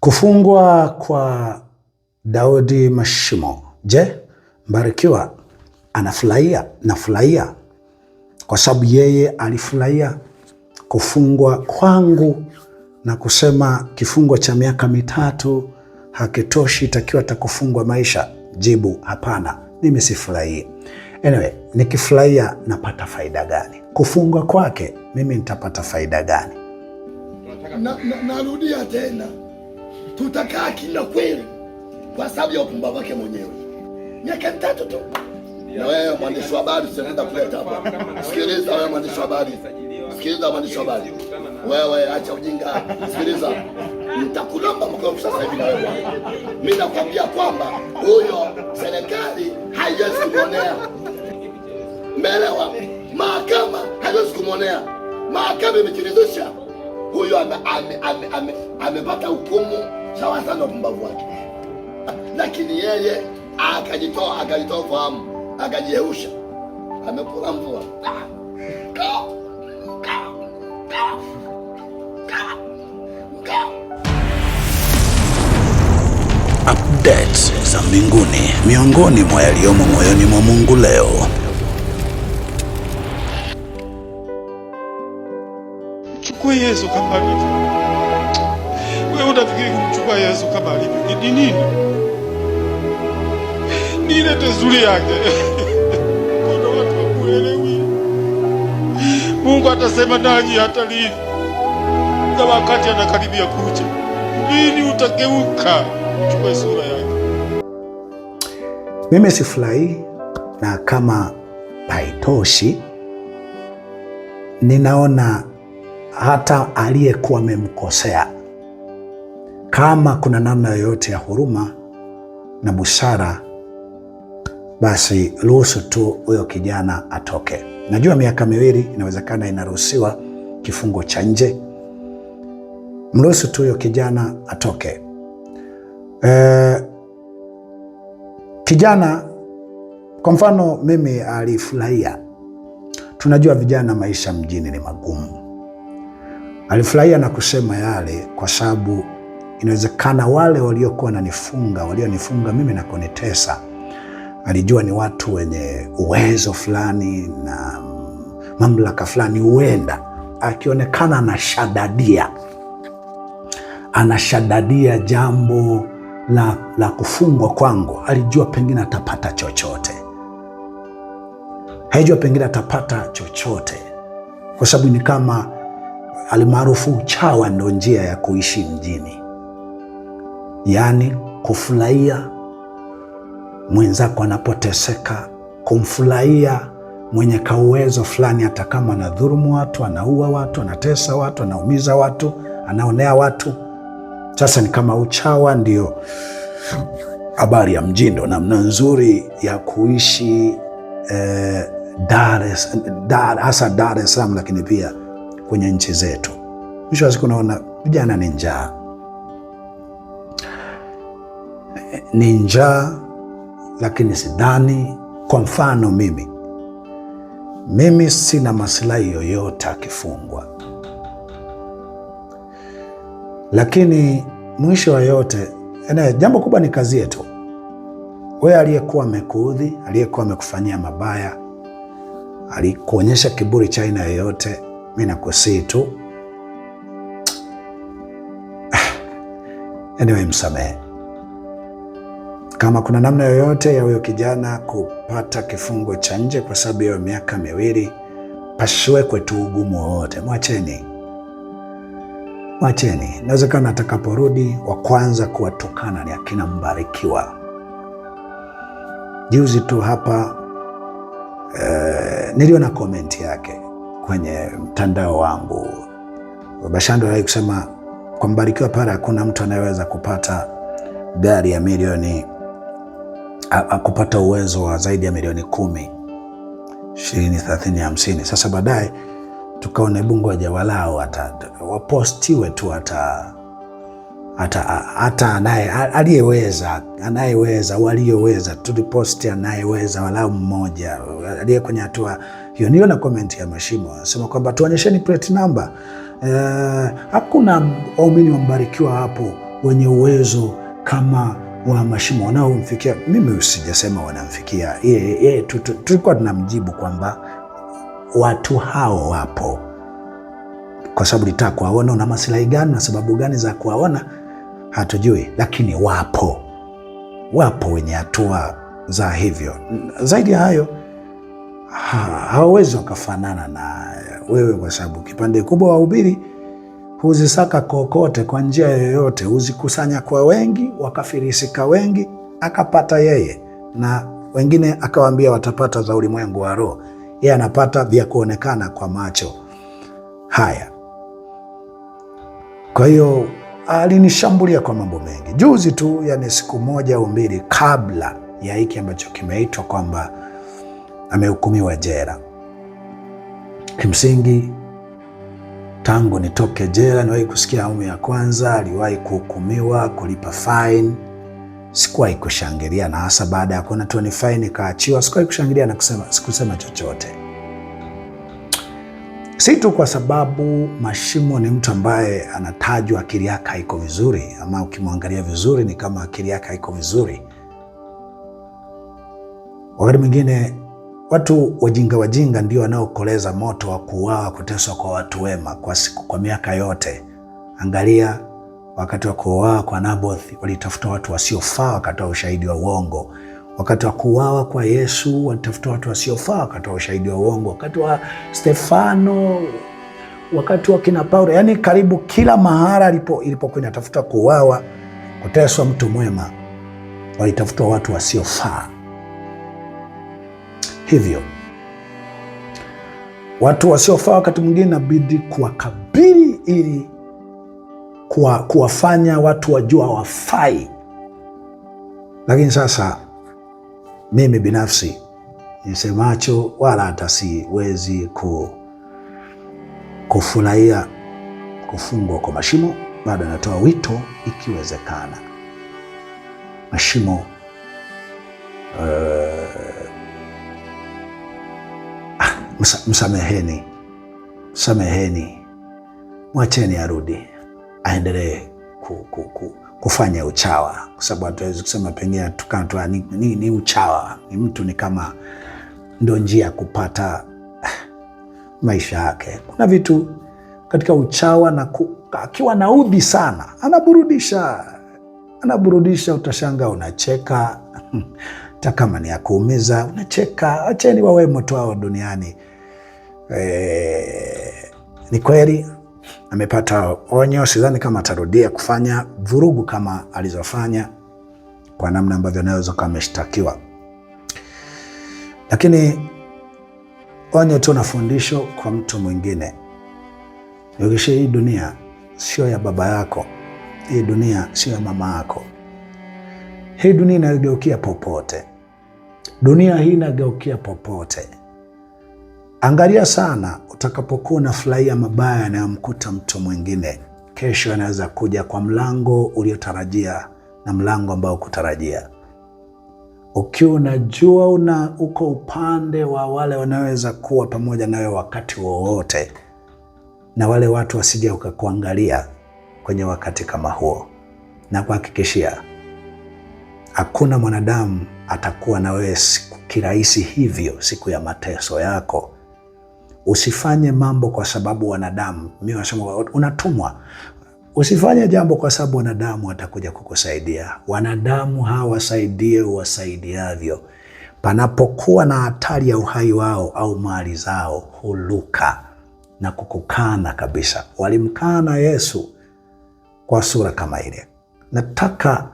Kufungwa kwa Daudi Mashimo. Je, Mbarikiwa anafurahia? Nafurahia kwa sababu yeye alifurahia kufungwa kwangu na kusema kifungo cha miaka mitatu hakitoshi, takiwa takufungwa maisha. Jibu hapana, mimi sifurahii. Anyway, nikifurahia napata faida gani? Kufungwa kwake mimi nitapata faida gani? Narudia na, na tena tutakaa kina kweli kwa sababu ya upumbavu wake mwenyewe. Miaka mitatu tu. Na wewe mwandishi wa habari usienda kuleta hapa. Sikiliza wewe mwandishi wa habari. Sikiliza mwandishi wa habari. Wewe acha ujinga. Sikiliza. Nitakulomba mkopo sasa hivi na wewe. Mimi nakwambia kwamba huyo serikali haiwezi kumwonea. Melewa. Mahakama haiwezi kumwonea. Mahakama imejiridhisha. Huyo amepata hukumu sawa sana upumbavu wake, lakini yeye akajitoa, akajitoa fahamu, akajiheusha, amekula mvua updates za mbinguni, miongoni mwa yaliyomo moyoni mwa Mungu leo. Chukua Yesu kama wewe unafikiri kumchukua Yesu kama alivyo ni nini? Ni ile tezuri yake kuna watu wakuelewi. Mungu atasema nanyi hata lini, na wakati anakaribia kuja, lini utageuka uchukue sura yake? Mimi sifurahi, na kama haitoshi, ninaona hata aliyekuwa amemkosea kama kuna namna yoyote ya huruma na busara, basi ruhusu tu huyo kijana atoke. Najua miaka miwili inawezekana inaruhusiwa kifungo cha nje. Mruhusu tu huyo kijana atoke. E, kijana kwa mfano mimi alifurahia. Tunajua vijana maisha mjini ni magumu. Alifurahia na kusema yale kwa sababu Inawezekana wale waliokuwa wananifunga, walionifunga mimi na kunitesa, alijua ni watu wenye uwezo fulani na mamlaka fulani, huenda akionekana anashadadia anashadadia jambo la, la kufungwa kwangu, alijua pengine atapata chochote, haijua pengine atapata chochote, kwa sababu ni kama alimaarufu uchawa ndo njia ya kuishi mjini yaani kufurahia mwenzako anapoteseka, kumfurahia mwenye kauwezo fulani, hata kama anadhurumu watu, anaua watu, anatesa watu, anaumiza watu, anaonea watu. Sasa ni kama uchawa ndio habari ya mjindo, namna nzuri ya kuishi eh, hasa Dar es Salaam, lakini pia kwenye nchi zetu. Mwisho wa siku, unaona vijana ni njaa. ni njaa, lakini sidhani. Kwa mfano mimi mimi sina masilahi yoyote akifungwa, lakini mwisho wa yote ene, jambo kubwa ni kazi yetu. Wewe aliyekuwa amekuudhi, aliyekuwa amekufanyia mabaya, alikuonyesha kiburi cha aina yoyote, mi nakusii tu, anyway, msamehe. Kama kuna namna yoyote ya huyo kijana kupata kifungo cha nje kwa sababu ya miaka miwili, pasiwekwe tu ugumu wowote, mwacheni, mwacheni. Nawezekana atakaporudi wa kwanza kuwatukana ni akina Mbarikiwa. Juzi tu hapa eh, niliona komenti yake kwenye mtandao wangu Bashando alikusema kwa Mbarikiwa pale hakuna mtu anayeweza kupata gari ya milioni kupata uwezo wa zaidi ya milioni kumi, ishirini, thelathini, hamsini. Sasa baadaye tukaona bungoja walao wapostiwe tu hata hata hata anaye aliyeweza anayeweza au aliyeweza tuliposti anayeweza walau mmoja aliye kwenye hatua hiyo. na komenti ya Mashimo anasema kwamba tuonyesheni plate number. Uh, hakuna waumini wambarikiwa hapo wenye uwezo kama wa mashimo wanaomfikia, mimi usijasema wanamfikia yeye, tulikuwa tunamjibu kwamba watu hao wapo kwa sababu litaka kuwaona, una masilahi gani na sababu gani za kuwaona hatujui, lakini wapo, wapo wenye hatua za hivyo. Zaidi ya hayo hawawezi wakafanana na wewe kwa sababu kipande kubwa wahubiri huzisaka kokote kwa njia yoyote, huzikusanya kwa wengi, wakafirisika wengi, akapata yeye na wengine, akawaambia watapata za ulimwengu wa roho, yeye anapata vya kuonekana kwa macho haya. Kwa hiyo alinishambulia kwa mambo mengi. Juzi tu, yani siku moja au mbili kabla ya hiki ambacho kimeitwa kwamba amehukumiwa jela, kimsingi tangu nitoke jela. Niwahi kusikia awamu ya kwanza aliwahi kuhukumiwa kulipa fine, sikuwahi kushangilia, na hasa baada ya kuona tu fine ikaachiwa, sikuwahi kushangilia na kusema, sikusema chochote, si tu kwa sababu Mashimo ni mtu ambaye anatajwa akili yake haiko vizuri, ama ukimwangalia vizuri ni kama akili yake haiko vizuri. Wakati mwingine Watu wajinga wajinga ndio wanaokoleza moto wa kuuawa, kuteswa kwa watu wema kwa siku, kwa miaka yote. Angalia wakati wa kuuawa kwa Naboth walitafuta watu wasiofaa, wakatoa ushahidi wa uongo. Wakati wa kuuawa kwa Yesu walitafuta watu wasiofaa, wakatoa ushahidi wa uongo. Wakati wa Stefano, wakati wa kina Paulo, yani karibu kila mahara ilipokuwa inatafuta kuuawa, kuteswa mtu mwema, walitafuta watu wasiofaa hivyo. Watu wasiofaa wakati mwingine inabidi kuwakabili ili kuwa, kuwafanya watu wajua wafai Lakini sasa mimi binafsi nisemacho wala hata siwezi ku, kufurahia kufungwa kwa mashimo, bado natoa wito ikiwezekana mashimo uh, msameheni, msameheni, mwacheni arudi aendelee ku, ku, ku, kufanya uchawa, kwa sababu hatuwezi kusema pengine tukaa ni, ni, ni uchawa. Ni mtu ni kama ndo njia ya kupata maisha yake. Kuna vitu katika uchawa na ku, akiwa na udhi sana anaburudisha, anaburudisha, utashanga unacheka hata kama ni ya kuumiza unacheka. Acheni wawemo tu hao duniani. Eh, ni kweli amepata onyo. Sidhani kama atarudia kufanya vurugu kama alizofanya kwa namna ambavyo anaweza kuwa ameshtakiwa, lakini onyo tu na fundisho kwa mtu mwingine. Yogeshe, hii dunia sio ya baba yako, hii dunia sio ya mama yako, hii dunia inageukia popote, dunia hii inageukia popote. Angalia sana utakapokuwa unafurahia mabaya yanayomkuta mtu mwingine. Kesho anaweza kuja kwa mlango uliotarajia na mlango ambao kutarajia. Ukiwa unajua una uko upande wa wale wanaweza kuwa pamoja nawe wakati wowote, na wale watu wasije ukakuangalia kwenye wakati kama huo, na kuhakikishia hakuna mwanadamu atakuwa na wewe kirahisi hivyo siku ya mateso yako Usifanye mambo kwa sababu wanadamu, mimi nasema unatumwa. Usifanye jambo kwa sababu wanadamu watakuja kukusaidia. Wanadamu hawasaidie wasaidiavyo. Panapokuwa na hatari ya uhai wao au mali zao, huluka na kukukana kabisa. Walimkana Yesu kwa sura kama ile. Nataka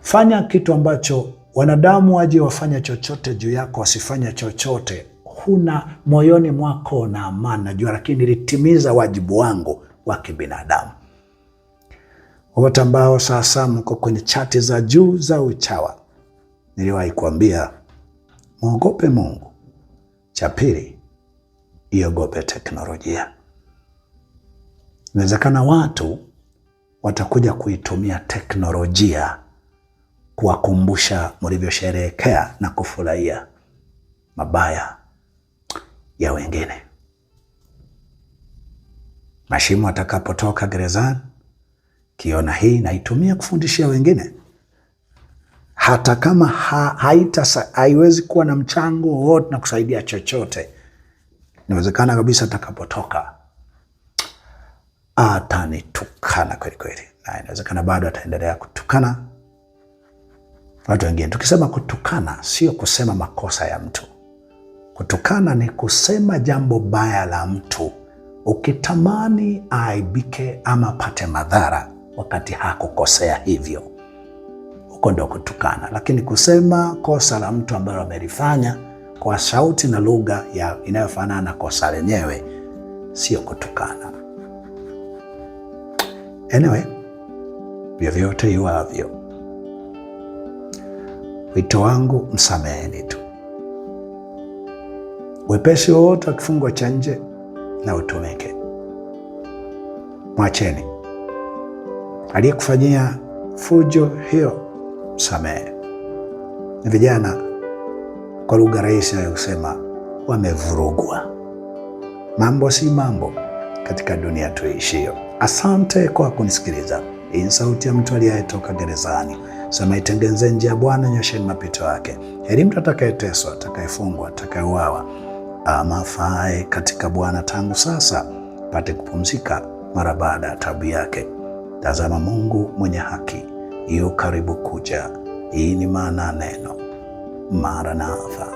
fanya kitu ambacho wanadamu waje wafanya chochote juu yako, wasifanya chochote huna moyoni mwako na amani, najua, lakini nilitimiza wajibu wangu wa kibinadamu. Wote ambao sasa mko kwenye chati za juu za uchawa, niliwahi kuambia mwogope Mungu. Cha pili, iogope teknolojia. Inawezekana watu watakuja kuitumia teknolojia kuwakumbusha mlivyosherehekea na kufurahia mabaya ya wengine. Mashimu atakapotoka gerezani, kiona hii naitumia kufundishia wengine, hata kama ha, haita haiwezi kuwa na mchango wowote na kusaidia chochote. Inawezekana kabisa atakapotoka atanitukana kweli kweli, na inawezekana bado ataendelea kutukana watu wengine. Tukisema kutukana, sio kusema makosa ya mtu Kutukana ni kusema jambo baya la mtu ukitamani aibike ama pate madhara wakati hakukosea hivyo, huko ndo kutukana. Lakini kusema kosa la mtu ambalo amelifanya kwa sauti na lugha inayofanana na kosa lenyewe sio kutukana. Anyway, vyovyote iwavyo, wito wangu msameheni tu wepesi wowote wa kifungo cha nje na utumike. Mwacheni aliyekufanyia fujo hiyo, msamehe. Ni vijana kwa lugha rahisi nayo kusema wamevurugwa. Mambo si mambo katika dunia tuishio. Asante kwa kunisikiliza. Hii ni sauti ya mtu aliyetoka gerezani. Sema, itengenze njia ya Bwana, nyosheni mapito yake. Heri mtu atakayeteswa, atakayefungwa, atakayeuawa ama fae katika Bwana tangu sasa pate kupumzika mara baada ya tabu yake. Tazama, Mungu mwenye haki yu karibu kuja. Hii ni maana mara neno Maranatha.